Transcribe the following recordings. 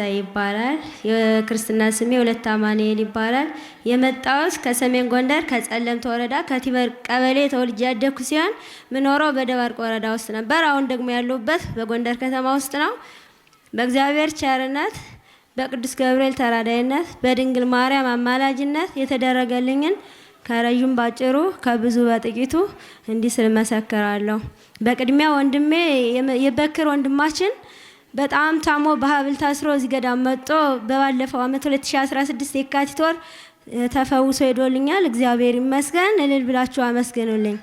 ሲሳይ ይባላል። የክርስትና ስሜ ሁለት አማኑኤል ይባላል። የመጣሁት ከሰሜን ጎንደር ከጸለምት ወረዳ ከቲበር ቀበሌ ተወልጄ ያደግኩ ሲሆን ምኖረው በደባርቅ ወረዳ ውስጥ ነበር። አሁን ደግሞ ያለሁበት በጎንደር ከተማ ውስጥ ነው። በእግዚአብሔር ቸርነት በቅዱስ ገብርኤል ተራዳይነት በድንግል ማርያም አማላጅነት የተደረገልኝን ከረዥም ባጭሩ ከብዙ በጥቂቱ እንዲህ ስል መሰክራለሁ። በቅድሚያ ወንድሜ የበክር ወንድማችን በጣም ታሞ በሀብል ታስሮ እዚህ ገዳም መጦ በባለፈው አመት 2016 የካቲት ወር ተፈውሶ ሄዶልኛል። እግዚአብሔር ይመስገን። እልል ብላችሁ አመስግኑልኝ።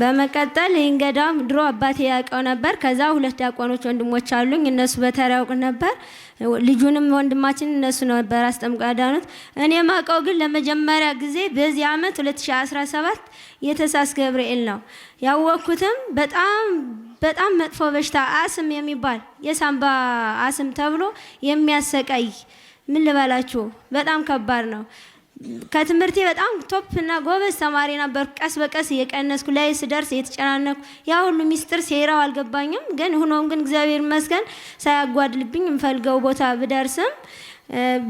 በመቀጠል ይህን ገዳም ድሮ አባቴ ያውቀው ነበር። ከዛ ሁለት ዲያቆኖች ወንድሞች አሉኝ። እነሱ በተራ ያውቅ ነበር። ልጁንም ወንድማችን እነሱ ነበር አስጠምቆ ያዳኑት። እኔ ማውቀው ግን ለመጀመሪያ ጊዜ በዚህ ዓመት 2017 የተሳስ ገብርኤል ነው ያወቅኩትም በጣም በጣም መጥፎ በሽታ አስም የሚባል የሳምባ አስም ተብሎ የሚያሰቃይ ምን ልበላችሁ፣ በጣም ከባድ ነው። ከትምህርቴ በጣም ቶፕ እና ጎበዝ ተማሪ ነበር። ቀስ በቀስ እየቀነስኩ ላይ ስደርስ እየተጨናነኩ ያ ሁሉ ሚስጥር ሴራው አልገባኝም። ግን ሆኖም ግን እግዚአብሔር ይመስገን ሳያጓድልብኝ የምፈልገው ቦታ ብደርስም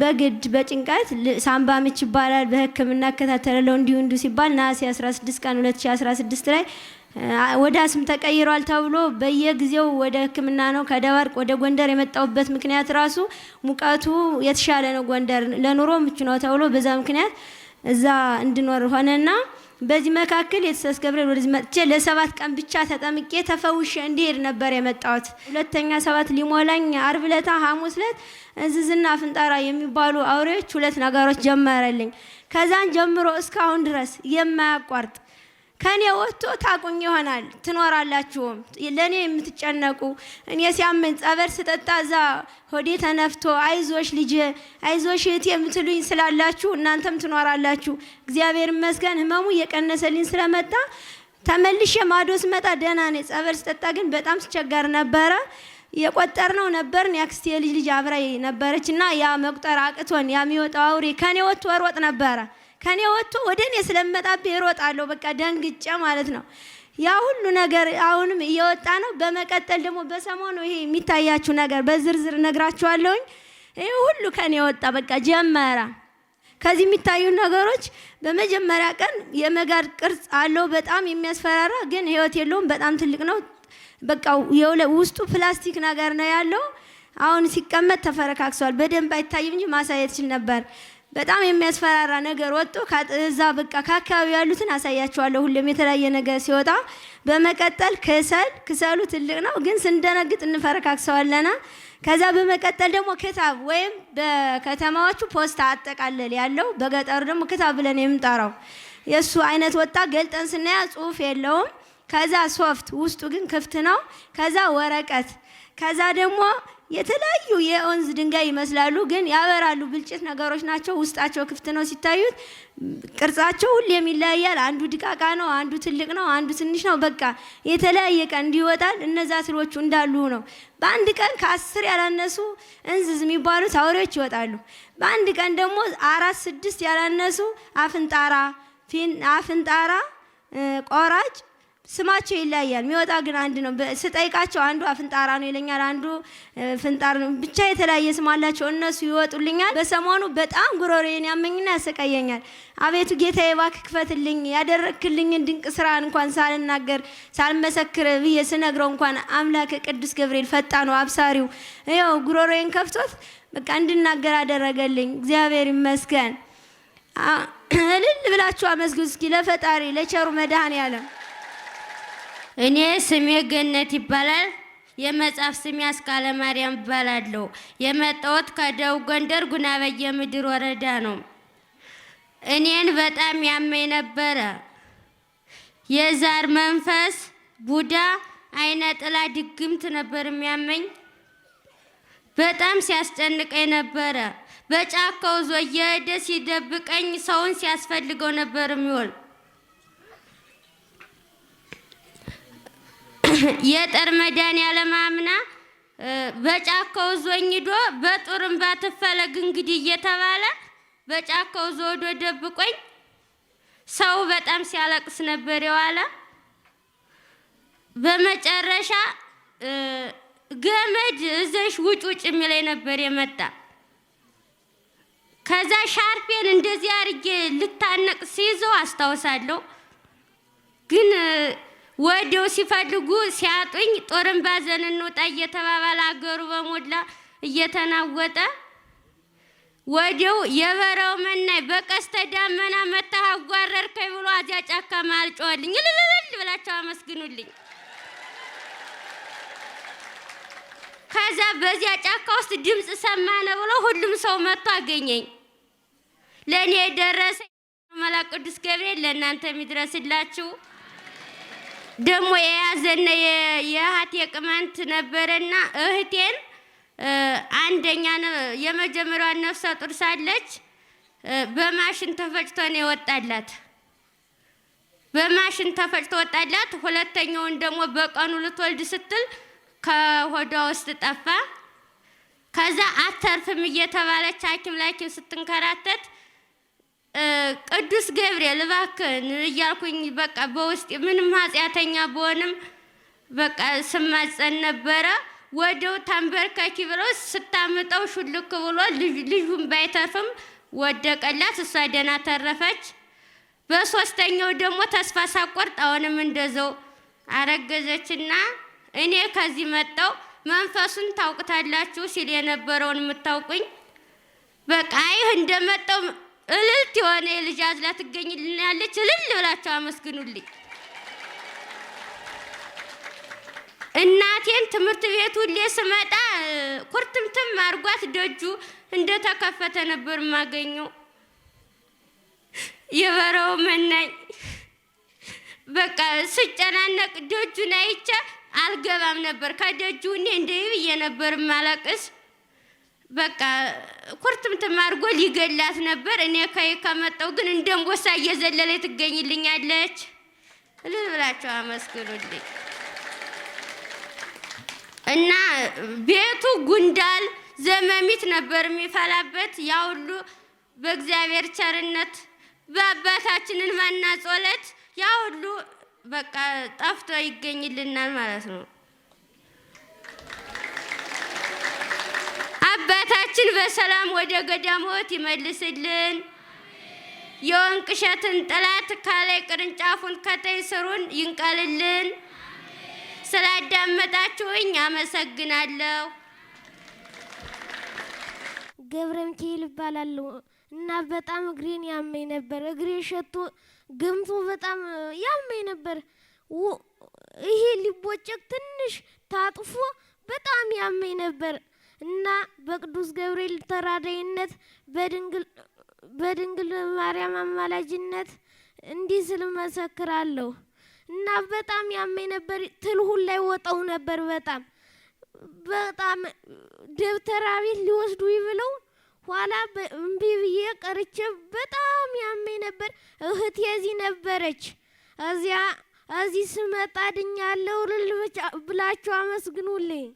በግድ በጭንቀት ሳምባ ምች ይባላል በሕክምና እከታተላለሁ እንዲሁ እንዲሁ ሲባል ነሐሴ 16 ቀን 2016 ላይ ወደ አስም ተቀይሯል ተብሎ በየጊዜው ወደ ሕክምና ነው ከደባርቅ ወደ ጎንደር የመጣሁበት ምክንያት ራሱ ሙቀቱ የተሻለ ነው፣ ጎንደር ለኑሮ ምቹ ነው ተብሎ በዛ ምክንያት እዛ እንድኖር ሆነና በዚህ መካከል የተሰስ ገብርኤል ወደዚህ መጥቼ ለሰባት ቀን ብቻ ተጠምቄ ተፈውሼ እንዲሄድ ነበር የመጣሁት። ሁለተኛ ሰባት ሊሞላኝ አርብ ለታ ሐሙስ ለት እንዝዝና ፍንጣራ የሚባሉ አውሬዎች ሁለት ነገሮች ጀመረልኝ። ከዛን ጀምሮ እስካሁን ድረስ የማያቋርጥ ከኔ ወጥቶ ታቁኝ ይሆናል ትኖራላችሁም። ለእኔ የምትጨነቁ እኔ ሲያምን ጸበል ስጠጣ እዛ ሆዴ ተነፍቶ አይዞሽ ልጅ አይዞሽ እህት የምትሉኝ ስላላችሁ እናንተም ትኖራላችሁ። እግዚአብሔር ይመስገን ህመሙ እየቀነሰልኝ ስለመጣ ተመልሼ ማዶ ስመጣ ደህና ነኝ። ጸበል ስጠጣ ግን በጣም ስቸገር ነበረ። የቆጠር ነው ነበርን የአክስቴ ልጅ ልጅ አብራይ ነበረች እና ያ መቁጠር አቅቶን የሚወጣው አውሬ ከኔ ወጥቶ ወርወጥ ነበረ ከኔ ወጥቶ ወደ እኔ ስለመጣብህ እሮጣለሁ። በቃ ደንግጬ ማለት ነው። ያ ሁሉ ነገር አሁንም እየወጣ ነው። በመቀጠል ደግሞ በሰሞኑ ይሄ የሚታያችሁ ነገር በዝርዝር ነግራችኋለሁኝ። ይህ ሁሉ ከኔ ወጣ በቃ ጀመረ። ከዚህ የሚታዩ ነገሮች በመጀመሪያ ቀን የመጋድ ቅርጽ አለው። በጣም የሚያስፈራራ ግን ህይወት የለውም። በጣም ትልቅ ነው። በቃ ውስጡ ፕላስቲክ ነገር ነው ያለው። አሁን ሲቀመጥ ተፈረካክሷል። በደንብ አይታይም እንጂ ማሳየት ችል ነበር። በጣም የሚያስፈራራ ነገር ወጥቶ ከዛ በቃ ከአካባቢ ያሉትን አሳያችኋለሁ። ሁሌም የተለያየ ነገር ሲወጣ በመቀጠል ክሰል ክሰሉ ትልቅ ነው፣ ግን ስንደነግጥ እንፈረካክሰዋለና ከዛ በመቀጠል ደግሞ ክታብ ወይም በከተማዎቹ ፖስታ አጠቃለል ያለው በገጠሩ ደግሞ ክታብ ብለን የምንጠራው የእሱ አይነት ወጣ። ገልጠን ስናያ ጽሁፍ የለውም። ከዛ ሶፍት ውስጡ ግን ክፍት ነው። ከዛ ወረቀት ከዛ ደግሞ የተለያዩ የወንዝ ድንጋይ ይመስላሉ፣ ግን ያበራሉ። ብልጭት ነገሮች ናቸው። ውስጣቸው ክፍት ነው። ሲታዩት ቅርጻቸው ሁሌም ይለያያል። አንዱ ድቃቃ ነው፣ አንዱ ትልቅ ነው፣ አንዱ ትንሽ ነው። በቃ የተለያየ ቀን እንዲወጣል። እነዛ ስሮቹ እንዳሉ ነው። በአንድ ቀን ከአስር ያላነሱ እንዝዝ የሚባሉት አውሬዎች ይወጣሉ። በአንድ ቀን ደግሞ አራት ስድስት ያላነሱ አፍንጣራ አፍንጣራ ቆራጭ ስማቸው ይለያያል። የሚወጣ ግን አንድ ነው። ስጠይቃቸው አንዱ አፍንጣራ ነው ይለኛል፣ አንዱ ፍንጣር ነው። ብቻ የተለያየ ስም አላቸው። እነሱ ይወጡልኛል። በሰሞኑ በጣም ጉሮሮዬን ያመኝና ያሰቃየኛል። አቤቱ ጌታዬ እባክህ ክፈትልኝ፣ ያደረግክልኝን ድንቅ ስራ እንኳን ሳልናገር ሳልመሰክር ብዬ ስነግረው እንኳን አምላክ ቅዱስ ገብርኤል ፈጣኑ አብሳሪው ይኸው ጉሮሮዬን ከፍቶት በቃ እንድናገር አደረገልኝ። እግዚአብሔር ይመስገን። እልል ብላችሁ አመስግኑ እስኪ ለፈጣሪ ለቸሩ መድኃኔ ያለም እኔ ስሜ ገነት ይባላል። የመጽሐፍ ስሜ አስካለ ማርያም ይባላለሁ። የመጣሁት ከደቡብ ጎንደር ጉና በየምድር ወረዳ ነው። እኔን በጣም ያመኝ ነበረ። የዛር መንፈስ፣ ቡዳ፣ አይነ ጥላ፣ ድግምት ነበር የሚያመኝ። በጣም ሲያስጨንቀኝ ነበረ። በጫካው ዞ እየሄደ ሲደብቀኝ ሰውን ሲያስፈልገው ነበር የሚውል የጠር መድኃኒዓለም አምና በጫካው ዞኝ ሂዶ በጡርምባ ትፈለግ እንግዲህ እየተባለ በጫካው ዞዶ ደብቆኝ ሰው በጣም ሲያለቅስ ነበር የዋለ። በመጨረሻ ገመድ እዘሽ ውጭ ውጭ የሚለኝ ነበር የመጣ። ከዛ ሻርፔን እንደዚህ አርጌ ልታነቅ ሲይዘው አስታውሳለሁ ግን ወዲው ሲፈልጉ ሲያጡኝ ጦርን ባዘን እንውጣ እየተባባለ አገሩ በሞላ እየተናወጠ ወዲው የበረው መናይ በቀስተ ደመና መታህ አጓረርከኝ ብሎ አዚያ ጫካ መሃል ጮኸልኝ። ብላቸው አመስግኑልኝ። ከዛ በዚያ ጫካ ውስጥ ድምፅ ሰማነ ብሎ ሁሉም ሰው መጥቶ አገኘኝ። ለእኔ የደረሰ መላክ ቅዱስ ገብርኤል ለእናንተ የሚድረስላችሁ ደግሞ የያዘነ የእህቴ ቅመንት ነበረና እህቴን አንደኛ የመጀመሪያዋን ነፍሰ ጡር ሳለች በማሽን ተፈጭቶ ነው የወጣላት። በማሽን ተፈጭቶ ወጣላት። ሁለተኛውን ደግሞ በቀኑ ልትወልድ ስትል ከሆዷ ውስጥ ጠፋ። ከዛ አተርፍም እየተባለች ሐኪም ላኪም ስትንከራተት ቅዱስ ገብርኤል እባክህን እያልኩኝ በቃ በውስጥ ምንም ኃጢአተኛ በሆንም በቃ ስማጸን ነበረ። ወደው ተንበርከኪ ብሎ ስታምጠው ሹልክ ብሎ ልጁን ባይተርፍም ወደቀላት፣ እሷ ደህና ተረፈች። በሶስተኛው ደግሞ ተስፋ ሳቆርጥ አሁንም እንደዘው አረገዘችና እኔ ከዚህ መጣው መንፈሱን ታውቁታላችሁ ሲል የነበረውን የምታውቁኝ በቃ ይህ እንደመጣው እልልት የሆነ የልጅ አዝላ ትገኝልናለች። እልል ብላቸው አመስግኑልኝ። እናቴን ትምህርት ቤት ሁሌ ስመጣ ኩርትምትም አርጓት ደጁ እንደተከፈተ ነበር የማገኘው። የበረው መናኝ በቃ ስጨናነቅ ደጁን አይቼ አልገባም ነበር። ከደጁ እኔ እንደ ብዬ ነበር ማለቅስ በቃ ኩርትምትም አድርጎ ሊገላት ነበር። እኔ ከይ ከመጣው ግን እንደ አንበሳ እየዘለለ ትገኝልኛለች። እልል ብላችሁ አመስግኑልኝ። እና ቤቱ ጉንዳል ዘመሚት ነበር የሚፈላበት። ያ ሁሉ በእግዚአብሔር ቸርነት በአባታችንን ማና ጸሎት ያ ሁሉ በቃ ጠፍቶ ይገኝልናል ማለት ነው። አባታችን በሰላም ወደ ገዳሞት ይመልስልን። የወንቅ እሸትን ጠላት ካላይ ቅርንጫፉን ከተይ ስሩን ይንቀልልን። ስላዳመጣችሁኝ አመሰግናለሁ። ገብረ ሚካኤል ይባላለሁ እና በጣም እግሬን ያመኝ ነበር። እግሬ ሸቶ ገምቶ በጣም ያመኝ ነበር። ይሄ ሊቦጨቅ ትንሽ ታጥፎ በጣም ያመኝ ነበር። እና በቅዱስ ገብርኤል ተራዳይነት በድንግል ማርያም አማላጅነት እንዲህ ስል መሰክራለሁ። እና በጣም ያመኝ ነበር። ትልሁን ላይ ወጣው ነበር። በጣም በጣም ደብተራ ቤት ሊወስዱ ብለው ኋላ እምቢ ብዬ ቀርቼ በጣም ያመኝ ነበር። እህቴ እዚህ ነበረች። እዚያ እዚህ ስመጣ ድኛለሁ ብላችሁ አመስግኑልኝ።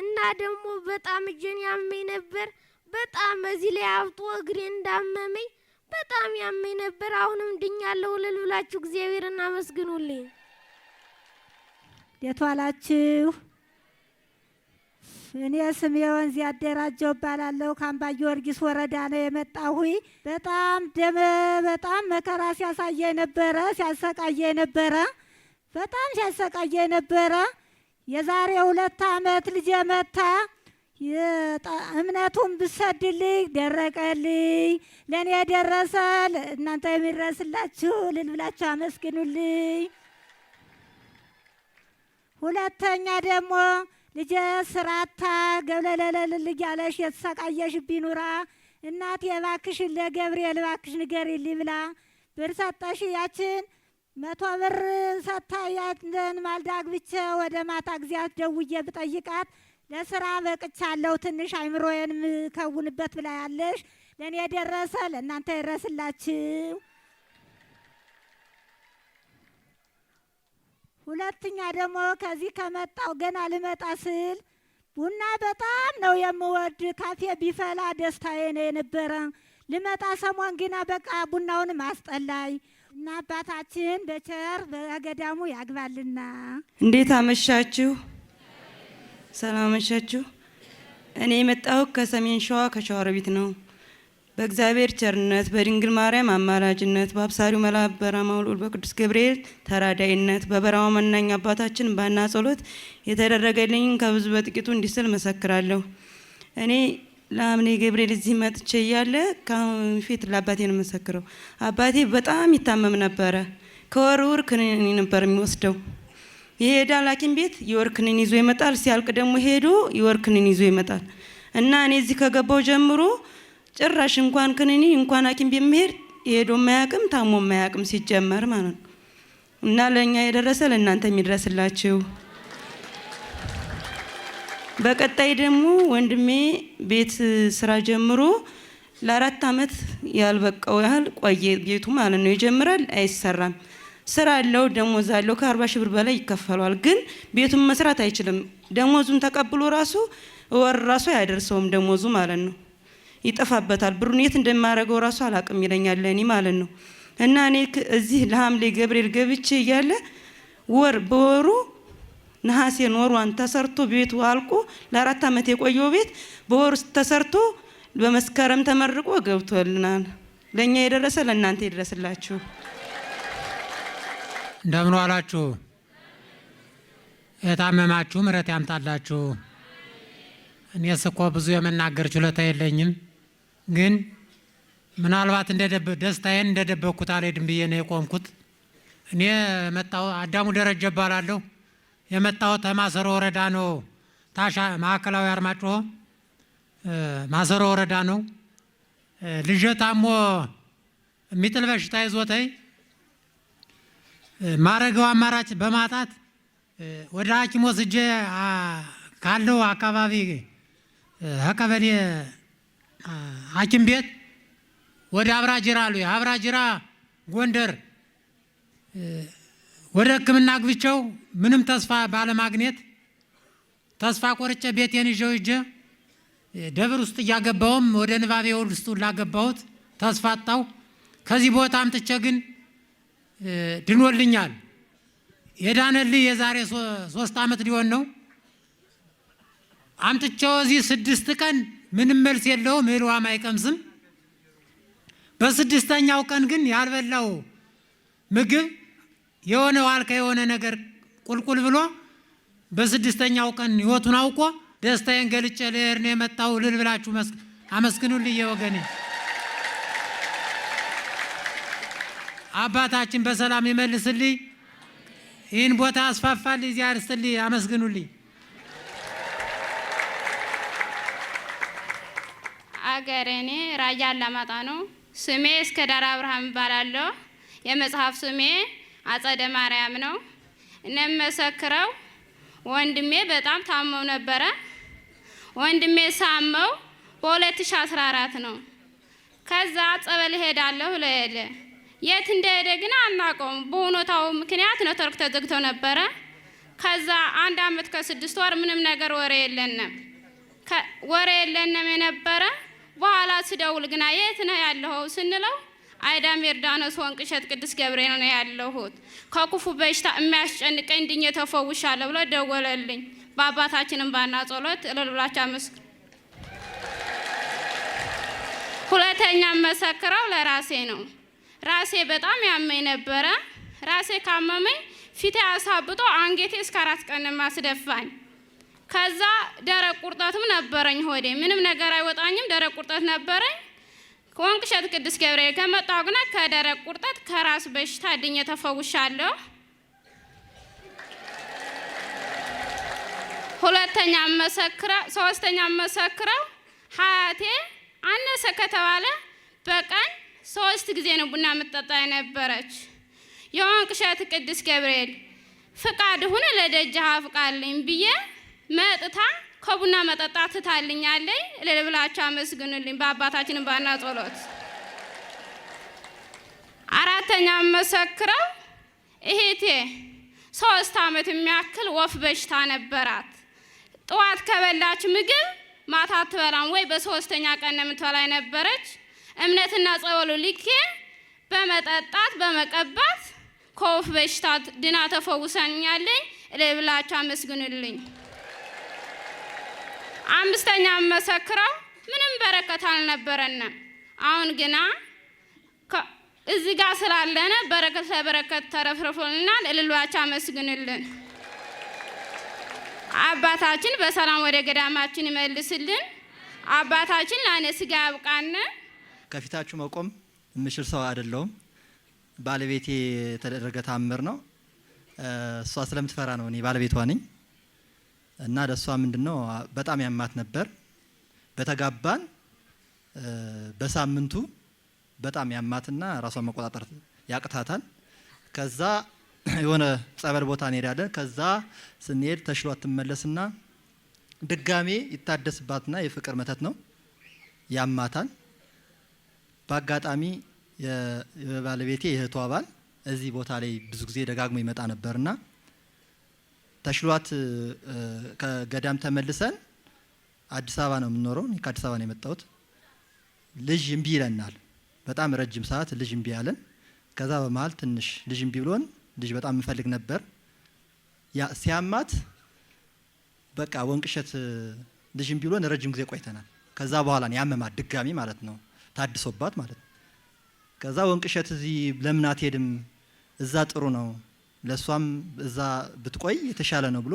እና ደግሞ በጣም እጄን ያመኝ ነበር። በጣም እዚህ ላይ አብጦ እግሬ እንዳመመኝ በጣም ያመኝ ነበር። አሁንም ድኛለሁ። እልል ብላችሁ እግዚአብሔርን አመስግኑልኝ። እንዴት ዋላችሁ? እኔ ስሜወን ያደራጀው እባላለሁ። ከአምባ ጊዮርጊስ ወረዳ ነው የመጣሁኝ። በጣም ደመ በጣም መከራ ሲያሳየ ነበረ፣ ሲያሰቃየ ነበረ፣ በጣም ሲያሰቃየ ነበረ የዛሬ ሁለት ዓመት ልጄ መታ እምነቱን ብሰድልኝ ደረቀልኝ። ለእኔ የደረሰ እናንተ የሚረስላችሁ ልል ብላችሁ አመስግኑልኝ። ሁለተኛ ደግሞ ልጄ ስራታ ገብለለለልል እያለሽ የተሰቃየሽ ቢኑራ እናቴ እባክሽን ለገብርኤል እባክሽ ንገሪልኝ ብላ ብር ሰጠሽ ያችን መቶ ብር ሰታያትን ማልዳ አግብቼ ወደ ማታ ጊዜያት ደውዬ ብጠይቃት ለስራ በቅቻለሁ ትንሽ አይምሮዬን ምከውንበት ብላ ያለሽ ለእኔ የደረሰ ለእናንተ ይድረስላችሁ። ሁለተኛ ደግሞ ከዚህ ከመጣው ገና ልመጣ ስል ቡና በጣም ነው የምወድ። ካፌ ቢፈላ ደስታዬ ነው የነበረ። ልመጣ ሰሞን ግና በቃ ቡናውን ማስጠላይ እና አባታችን በቸር በገዳሙ ያግባልና። እንዴት አመሻችሁ? ሰላም አመሻችሁ። እኔ የመጣሁ ከሰሜን ሸዋ ከሸዋሮቢት ነው። በእግዚአብሔር ቸርነት በድንግል ማርያም አማላጅነት በአብሳሪው መላ በራማ በቅዱስ ገብርኤል ተራዳይነት በበራማ መናኝ አባታችን ባና ጸሎት የተደረገልኝ ከብዙ በጥቂቱ እንዲስል መሰክራለሁ። እኔ ለአምኔ ገብርኤል እዚህ መጥቼ እያለ ከአሁን ፊት ለአባቴ ነው የምመሰክረው። አባቴ በጣም ይታመም ነበረ። ከወር ወር ክኒን ነበር የሚወስደው። ይሄዳል ሐኪም ቤት የወር ክኒን ይዞ ይመጣል። ሲያልቅ ደግሞ ሄዶ የወር ክኒን ይዞ ይመጣል እና እኔ እዚህ ከገባው ጀምሮ ጭራሽ እንኳን ክንኒ እንኳን ሐኪም ቤት መሄድ ሄዶ ማያቅም ታሞ ማያቅም ሲጀመር ማለት ነው እና ለእኛ የደረሰ ለእናንተ የሚደረስላችሁ በቀጣይ ደግሞ ወንድሜ ቤት ስራ ጀምሮ ለአራት አመት ያልበቃው ያህል ቆየ። ቤቱ ማለት ነው ይጀምራል፣ አይሰራም። ስራ አለው፣ ደሞዝ አለው፣ ከአርባ ሺህ ብር በላይ ይከፈለዋል። ግን ቤቱን መስራት አይችልም። ደሞዙን ተቀብሎ ራሱ ወር ራሱ አያደርሰውም፣ ደሞዙ ማለት ነው። ይጠፋበታል። ብሩን የት እንደማደርገው ራሱ አላቅም ይለኛል፣ ለእኔ ማለት ነው። እና እኔ እዚህ ለሐምሌ ገብርኤል ገብቼ እያለ ወር በወሩ ነሐሴ ኖሯን ተሰርቶ ቤቱ አልቆ ለአራት ዓመት የቆየው ቤት በወር ውስጥ ተሰርቶ በመስከረም ተመርቆ ገብቶልናል። ለእኛ የደረሰ ለእናንተ ይድረስላችሁ። እንደምን ዋላችሁ? የታመማችሁ ምሕረት ያምጣላችሁ። እኔስ እኮ ብዙ የመናገር ችሎታ የለኝም፣ ግን ምናልባት ደስታዬን እንደደበቅኩት አልሄድም ብዬ ነው የቆምኩት። እኔ መጣሁ። አዳሙ ደረጀ እባላለሁ። የመጣሁት ከማሰሮ ወረዳ ነው። ታሻ ማዕከላዊ አርማጮ ማሰሮ ወረዳ ነው። ልጄ ታሞ የሚጥል በሽታ ይዞተይ ማረገው አማራጭ በማጣት ወደ ሐኪም ወስጄ ካለው አካባቢ ከቀበሌ ሐኪም ቤት ወደ አብራጅራ አሉ። አብራጅራ ጎንደር ወደ ሕክምና አግብቸው ምንም ተስፋ ባለማግኘት ተስፋ ቆርጬ ቤቴን ይዤው ሂጄ ደብር ውስጥ እያገባውም ወደ ንባቤ ውስጥ ላገባሁት ተስፋ አጣው። ከዚህ ቦታ አምጥቼ ግን ድኖልኛል። የዳነልህ የዛሬ ሶስት ዓመት ሊሆን ነው። አምጥቼው እዚህ ስድስት ቀን ምንም መልስ የለውም፣ እህልዋም አይቀምስም። በስድስተኛው ቀን ግን ያልበላው ምግብ የሆነ ዋልካ የሆነ ነገር ቁልቁል ብሎ በስድስተኛው ቀን ህይወቱን አውቆ ደስታዬን ገልጨ ልሄድ ነው የመጣው ልል ብላችሁ አመስግኑልኝ ወገኔ። አባታችን በሰላም ይመልስልኝ፣ ይህን ቦታ አስፋፋል እዚያ አርስትል አመስግኑልኝ። አገር እኔ ራያ አላማጣ ነው። ስሜ እስከ ዳር አብርሃም እባላለሁ። የመጽሐፍ ስሜ አጸደ ማርያም ነው። እነመሰክረው ወንድሜ በጣም ታመው ነበረ። ወንድሜ ሳመው በ2014 ነው። ከዛ ጸበል ሄዳለሁ ለሄደ የት እንደሄደ ግን አናውቀውም። በሁኔታው ምክንያት ኔትወርክ ተዘግቶ ነበረ። ከዛ አንድ አመት ከስድስት ወር ምንም ነገር ወሬ የለንም ወሬ የለንም የነበረ በኋላ ስደውል ግና የት ነው ያለኸው ስንለው አይዳም ዮርዳኖስ ወንቅ እሸት ቅዱስ ገብርኤል ነው ያለሁት። ከክፉ በሽታ የሚያስጨንቀኝ ድኜ ተፈውሻለሁ ብሎ ደወለልኝ። በአባታችንም ባና ጸሎት እልል ብላችሁ አመስግኑ። ሁለተኛ መሰክረው ለራሴ ነው። ራሴ በጣም ያመኝ ነበረ። ራሴ ካመመኝ ፊቴ አሳብጦ አንገቴ እስከ አራት ቀን ማስደፋኝ። ከዛ ደረቅ ቁርጠትም ነበረኝ። ሆዴ ምንም ነገር አይወጣኝም። ደረቅ ቁርጠት ነበረኝ። ከወንቅ እሸት ቅዱስ ገብርኤል ከመጣሁ ግና ከደረቅ ቁርጠት ከራስ በሽታ ድኜ ተፈውሻለሁ። ሁለተኛ መሰክረው ሶስተኛ መሰክረው ሀያቴ አነሰ ከተባለ በቀን ሶስት ጊዜ ነው ቡና የምጠጣ የነበረች። የወንቅ እሸት ቅዱስ ገብርኤል ፍቃድ ሁነ ለደጃ ፍቃድልኝ ብዬ መጥታ ከቡና መጠጣት ትታልኛለኝ። እልል አመስግኑልኝ በአባታችን ባና ጸሎት። አራተኛ መሰክረው እህቴ ሶስት አመት የሚያክል ወፍ በሽታ ነበራት። ጠዋት ከበላች ምግብ ማታ አትበላም ወይ በሶስተኛ ቀን የምትበላ ነበረች። እምነትና ጸበሉ ልኬ በመጠጣት በመቀባት ከወፍ በሽታ ድና ተፈውሰኛለኝ። እልል ብላችሁ አመስግኑልኝ። አምስተኛ መሰክረው ምንም በረከት አልነበረንም። አሁን ግና እዚህ ጋር ስላለነ በረከት ለበረከት ተረፍርፎልናል። እልሏቻ አመስግንልን። አባታችን በሰላም ወደ ገዳማችን ይመልስልን። አባታችን ለአነ ስጋ ያብቃን። ከፊታችሁ መቆም የምችል ሰው አይደለሁም። ባለቤቴ የተደረገ ታምር ነው። እሷ ስለምትፈራ ነው። እኔ ባለቤቷ ነኝ። እና ለእሷ ምንድነው ነው በጣም ያማት ነበር። በተጋባን በሳምንቱ በጣም ያማትና ራሷን መቆጣጠር ያቅታታል። ከዛ የሆነ ጸበል ቦታ እንሄዳለን። ከዛ ስንሄድ ተሽሏት ትመለስና ድጋሜ ይታደስባትና የፍቅር መተት ነው ያማታል። በአጋጣሚ የባለቤቴ የእህቷ አባል። እዚህ ቦታ ላይ ብዙ ጊዜ ደጋግሞ ይመጣ ነበርና ተሽሏት ከገዳም ተመልሰን አዲስ አበባ ነው የምንኖረው። እኔ ከአዲስ አበባ ነው የመጣሁት። ልጅ እምቢ ይለናል። በጣም ረጅም ሰዓት ልጅ እምቢ ያለን። ከዛ በመሀል ትንሽ ልጅ እምቢ ብሎን ልጅ በጣም የምፈልግ ነበር። ሲያማት በቃ ወንቅሸት ልጅ እምቢ ብሎን ረጅም ጊዜ ቆይተናል። ከዛ በኋላ ነው ያመማት ድጋሚ ማለት ነው ታድሶባት ማለት ነው። ከዛ ወንቅሸት እዚህ ለምን አትሄድም? እዛ ጥሩ ነው ለእሷም እዛ ብትቆይ የተሻለ ነው ብሎ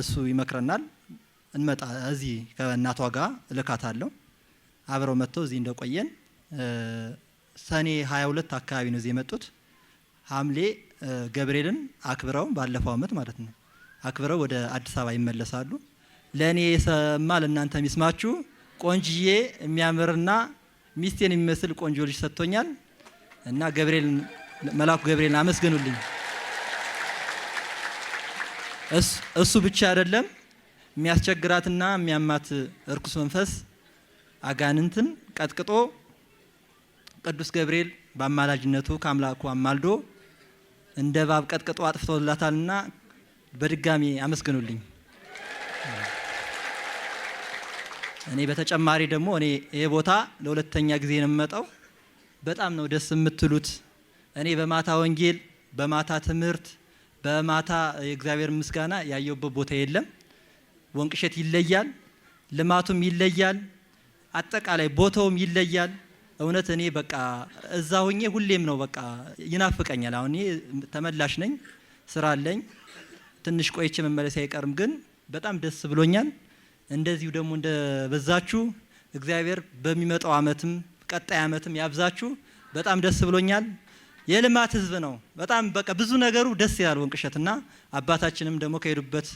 እሱ ይመክረናል። እንመጣ እዚህ ከእናቷ ጋር አለው አብረው መጥተው እዚህ እንደቆየን ሰኔ 22 አካባቢ ነው እዚህ የመጡት። ሐምሌ ገብርኤልን አክብረው ባለፈው አመት ማለት ነው አክብረው ወደ አዲስ አበባ ይመለሳሉ። ለእኔ የሰማ ለእናንተ የሚስማችሁ ቆንጅዬ የሚያምርና ሚስቴን የሚመስል ቆንጆ ልጅ ሰጥቶኛል እና ገብርኤልን መልአኩ ገብርኤል አመስግኑልኝ። እሱ ብቻ አይደለም የሚያስቸግራትና የሚያማት እርኩስ መንፈስ አጋንንትን ቀጥቅጦ ቅዱስ ገብርኤል በአማላጅነቱ ከአምላኩ አማልዶ እንደ ባብ ቀጥቅጦ አጥፍቶላታልና በድጋሚ አመስግኑልኝ። እኔ በተጨማሪ ደግሞ እኔ ይሄ ቦታ ለሁለተኛ ጊዜ ነው የምመጣው። በጣም ነው ደስ የምትሉት። እኔ በማታ ወንጌል፣ በማታ ትምህርት፣ በማታ የእግዚአብሔር ምስጋና ያየውበት ቦታ የለም። ወንቅሸት ይለያል፣ ልማቱም ይለያል፣ አጠቃላይ ቦታውም ይለያል። እውነት እኔ በቃ እዛ ሆኜ ሁሌም ነው በቃ ይናፍቀኛል። አሁን ተመላሽ ነኝ፣ ስራ አለኝ። ትንሽ ቆይቼ መመለስ አይቀርም፣ ግን በጣም ደስ ብሎኛል። እንደዚሁ ደግሞ እንደበዛችሁ እግዚአብሔር በሚመጣው ዓመትም ቀጣይ አመትም ያብዛችሁ። በጣም ደስ ብሎኛል። የልማት ህዝብ ነው። በጣም በቃ ብዙ ነገሩ ደስ ይላል ወንቅሸት እና አባታችንም ደግሞ ከሄዱበት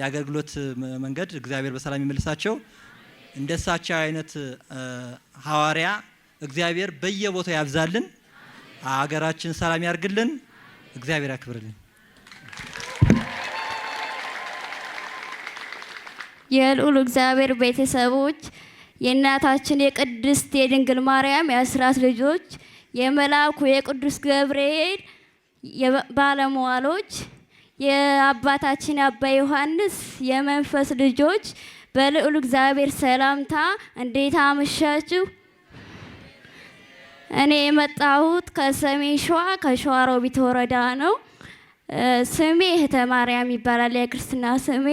የአገልግሎት መንገድ እግዚአብሔር በሰላም ይመልሳቸው። እንደሳቸው አይነት ሐዋርያ እግዚአብሔር በየቦታው ያብዛልን። አገራችን ሰላም ያርግልን። እግዚአብሔር ያክብርልን። የልዑል እግዚአብሔር ቤተሰቦች የእናታችን የቅድስት የድንግል ማርያም የአስራት ልጆች የመልአኩ የቅዱስ ገብርኤል ባለሟሎች የአባታችን አባ ዮሐንስ የመንፈስ ልጆች በልዑል እግዚአብሔር ሰላምታ እንዴት አመሻችሁ። እኔ የመጣሁት ከሰሜን ሸዋ ከሸዋሮቢት ወረዳ ነው። ስሜ እህተ ማርያም ይባላል የክርስትና ስሜ።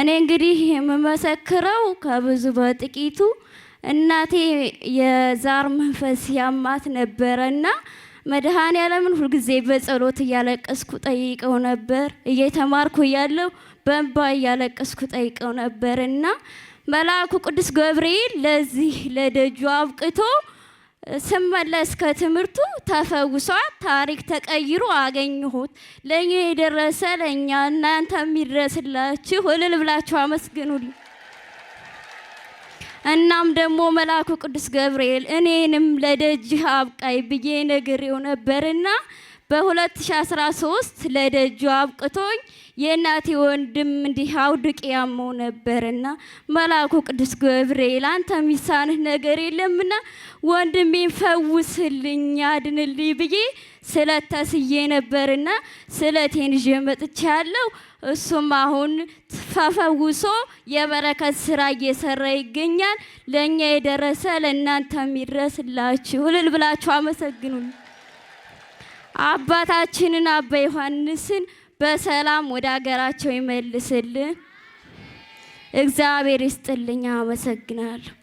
እኔ እንግዲህ የምመሰክረው ከብዙ በጥቂቱ እናቴ የዛር መንፈስ ያማት ነበረና መድኃኔ ዓለምን ሁልጊዜ በጸሎት እያለቀስኩ ጠይቀው ነበር። እየተማርኩ እያለሁ በእንባ እያለቀስኩ ጠይቀው ነበር እና መልአኩ ቅዱስ ገብርኤል ለዚህ ለደጁ አብቅቶ ስመለስ ከትምህርቱ ተፈውሷል። ታሪክ ተቀይሮ አገኘሁት። ለእኛ የደረሰ ለእኛ እናንተ የሚድረስላችሁ እልል ብላችሁ አመስግኑልኝ። እናም ደግሞ መልአኩ ቅዱስ ገብርኤል እኔንም ለደጅህ አብቃይ ብዬ ነግሬው ነበርና በ2013 ለደጁ አብቅቶኝ የእናቴ ወንድም እንዲህ አውድቅ ያመው ነበርና መልአኩ ቅዱስ ገብርኤል አንተ የሚሳንህ ነገር የለምና ወንድሜን ፈውስልኝ፣ አድንልኝ ብዬ ስለት ተስዬ ነበርና ስለቴን ይዤ መጥቻለሁ። እሱም አሁን ተፈውሶ የበረከት ስራ እየሰራ ይገኛል። ለእኛ የደረሰ ለእናንተ የሚድረስላችሁ። እልል ብላችሁ አመሰግኑልኝ። አባታችንን አባ ዮሐንስን በሰላም ወደ ሀገራቸው ይመልስልን። እግዚአብሔር ይስጥልኝ። አመሰግናለሁ።